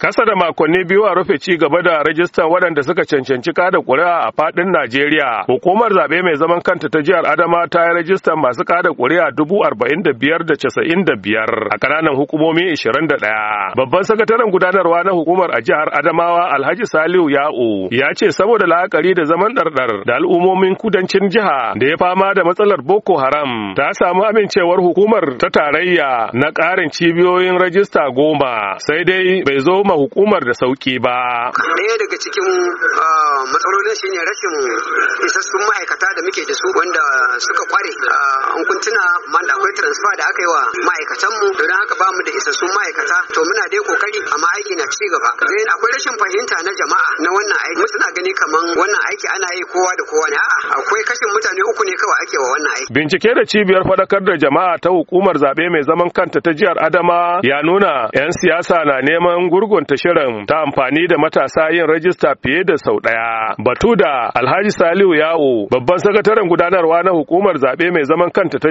Kasa da makonni biyu a rufe ci gaba da rajistan waɗanda suka cancanci kada ƙuri'a a faɗin Najeriya. Hukumar zaɓe mai zaman kanta ta jihar Adama ta yi rajistan masu kada ƙuri'a dubu arba'in da biyar da casa'in da biyar a ƙananan hukumomi ishirin da ɗaya. Babban sakataren gudanarwa na hukumar a jihar Adamawa Alhaji Saliu Ya'u ya ce saboda la'akari da zaman ɗarɗar da al'ummomin kudancin jiha da ya fama da matsalar Boko Haram ta samu amincewar hukumar ta tarayya na ƙarin cibiyoyin rajista goma sai dai bai zo ma hukumar da sauki ba. Ɗaya daga cikin ah, matsalolin shi shine rashin isassun ma'aikata da muke da su wanda suka kware ah, tantuna man akwai transfer da aka yi wa ma'aikatan mu don haka ba mu da isassun ma'aikata to muna dai kokari amma aiki na ci gaba dai akwai rashin fahimta na jama'a na wannan aiki mu suna gani kamar wannan aiki ana yi kowa da kowa ne a'a akwai kashin mutane uku ne kawai ake wa wannan aiki bincike da cibiyar fadakar da jama'a ta hukumar zabe mai zaman kanta ta jihar Adama ya nuna 'yan siyasa na neman gurgunta shirin ta amfani da matasa yin rajista fiye da sau ɗaya. Batu da Alhaji Saliu Yawo, babban sakataren gudanarwa na hukumar zabe mai zaman kanta ta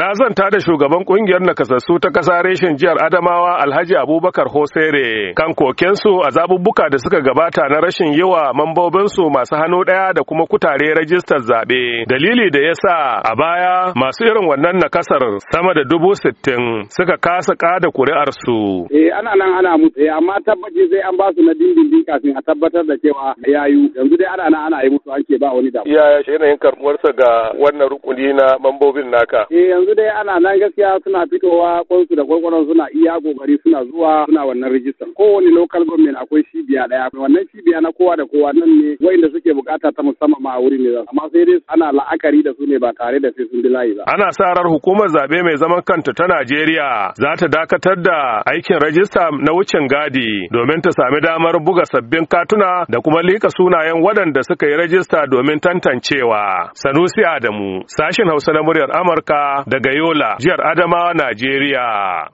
na zan da shugaban kungiyar nakasassu ta kasa reshen jihar Adamawa Alhaji Abubakar Hosere kan kokensu a zabubbuka da suka gabata na rashin yawa mambobinsu masu hannu daya da kuma kutare rajistar zabe dalili da ya sa a baya masu irin wannan nakasar sama da dubu sittin suka kasa kada kuri'arsu eh ana nan ana mutu eh, amma tabbaci sai an ba su na dindindin kafin a tabbatar da cewa yayu yanzu dai ana nan ana yi mutu an ke ba wani damu yaya shi yanayin karbuwarsa ga wannan rukuni na na mambobin naka? Eh yanzu dai ana nan gaskiya suna fitowa kwansu da kwarkwaron suna iya kokari suna zuwa suna wannan rijistar. Kowane local government akwai cibiya daya. Wannan cibiya na kowa da kowa nan ne wa'inda suke bukata ta musamman ma a wuri ne amma sai dai ana la'akari da su ne ba tare da sai sun bi layi ba. Ana sa rar hukumar zabe mai zaman kanta ta Najeriya za ta dakatar da aikin rajista na wucin gadi domin ta sami damar buga sabbin katuna da kuma lika sunayen waɗanda suka yi rajista domin tantancewa. Sanusi Adamu, sashin Hausa Hausa na muryar Amurka daga Yola, jihar Adamawa, Najeriya.